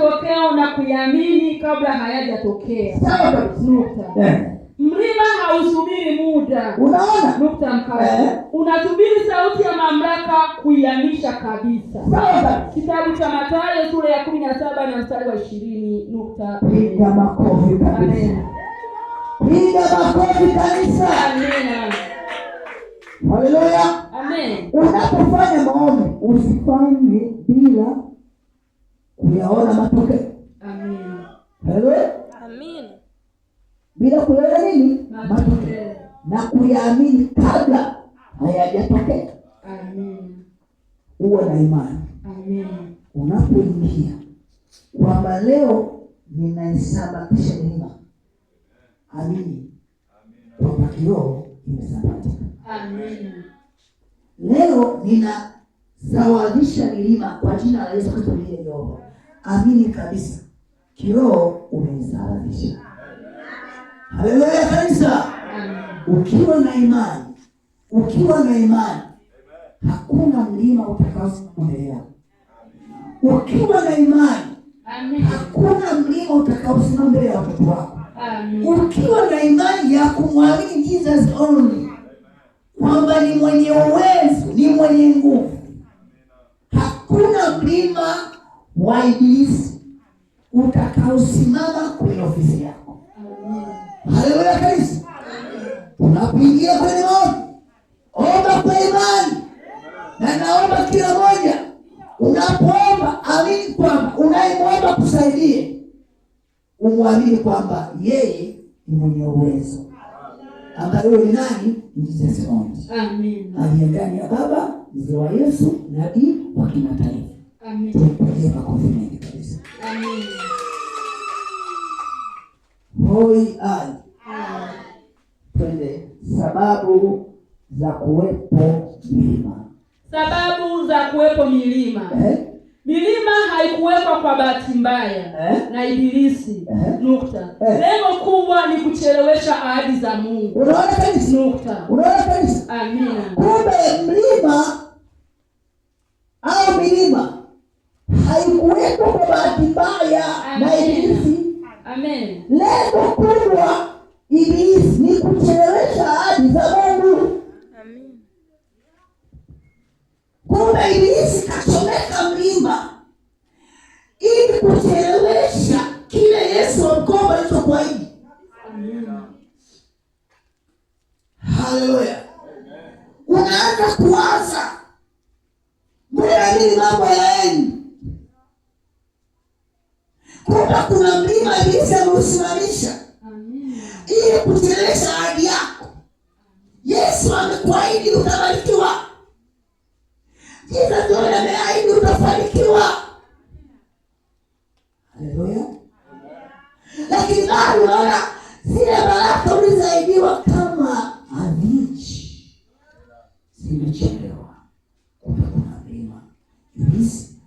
matokeo na kuyamini kabla hayajatokea. Sawa kabisa. Nukta. Eh. Mlima hausubiri muda. Unaona? Nukta mkazo. Eh. Unasubiri sauti ya mamlaka kuihamisha kabisa. Sawa. Kitabu cha Mathayo sura ya 17 na mstari wa 20 nukta. Piga makofi kabisa. Piga makofi kanisa. Amina. Haleluya. Amen. Unapofanya maombi usifanye bila kuyaona matokeo. Bila kuyaona nini matokeo na kuyaamini kabla hayajatokea. Uwe na imani unapoingia kwamba leo ninaisababisha milima. Amini kwamba kiroho imesabatika. Leo zawadisha milima kwa jina la Yesu Kristo amini kabisa, kiroho umeisababisha. Haleluya kanisa, ukiwa na imani, ukiwa na imani hakuna mlima utakaosimama. Ukiwa na imani hakuna mlima utakaosimama mbele ya watoto wako. Ukiwa na imani ya kumwamini Jesus only kwamba ni mwenye uwezo, ni mwenye nguvu, hakuna mlima waibilisi utakaosimama kwenye ofisi yako. Haleluya Kristo. Tunapoingia kwenye maombi, omba kwa imani, na naomba kila moja unapoomba amini kwamba unayemwomba kusaidie, umwamini kwamba yeye ni mwenye uwezo ambaye huyo ni nani? Ni Jesus Christ aliye ndani ya Baba, mzee wa Yesu, nabii wa kimataifa makofi mengi kabisa. Hoi ai, twende. Sababu za kuwepo milima, sababu za kuwepo milima eh? Milima haikuwekwa kwa bahati mbaya eh? na Ibilisi eh? nukta eh? lengo kubwa ni kuchelewesha ahadi za Mungu. Unaona kabisa, nukta. Unaona kabisa, amina. Lengo kubwa Ibilisi ni kuchelewesha ahadi za Mungu. Kumbe Ibilisi kachomeka mlimba ili kuchelewesha kile Yesu wa alichokuahidi. Haleluya! Unaanza kuwaza, mnaamini mambo yaeni kwamba kuna mlima Ibilisi ameusimamisha ili kuchelewesha ahadi yako. Yesu amekuahidi utabarikiwa, Jesus ameahidi utafanikiwa. Haleluya! Lakini bado naona zile baraka ulizaidiwa kama amiji zimechelewa. kuna mlima Ibilisi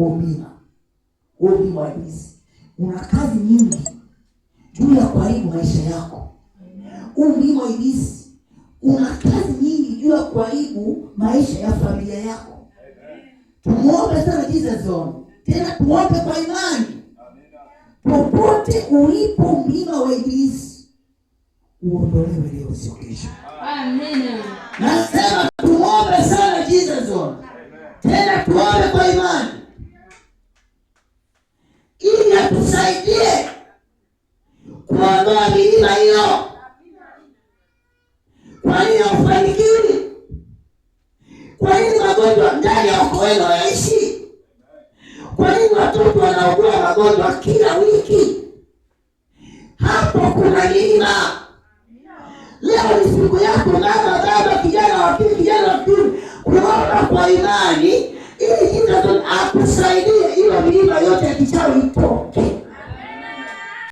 kuhubiri, wewe mwagizi, una kazi nyingi juu ya kuharibu maisha yako. Wewe mwagizi, una kazi nyingi juu ya kuharibu maisha ya familia yako. Tumuombe sana Jesus on, tena tuombe kwa imani, popote ulipo mlima wa Ibilisi uondolewe leo, sio kesho. Amina. Nasema tuombe sana Jesus on, tena tuombe kwa imani. tusaidie kuondoa milima hiyo, nini haufanikiwi. Kwa nini magonjwa ndani ya ukoo wenu hayaishi? Kwa nini watoto wanaugua magonjwa kila wiki? Hapo kuna milima. Leo ni siku yako, mama, baba, kijana wa kijana wa kiume, kuomba kwa imani ili itakusaidia ile milima yote ya kichawi itoke.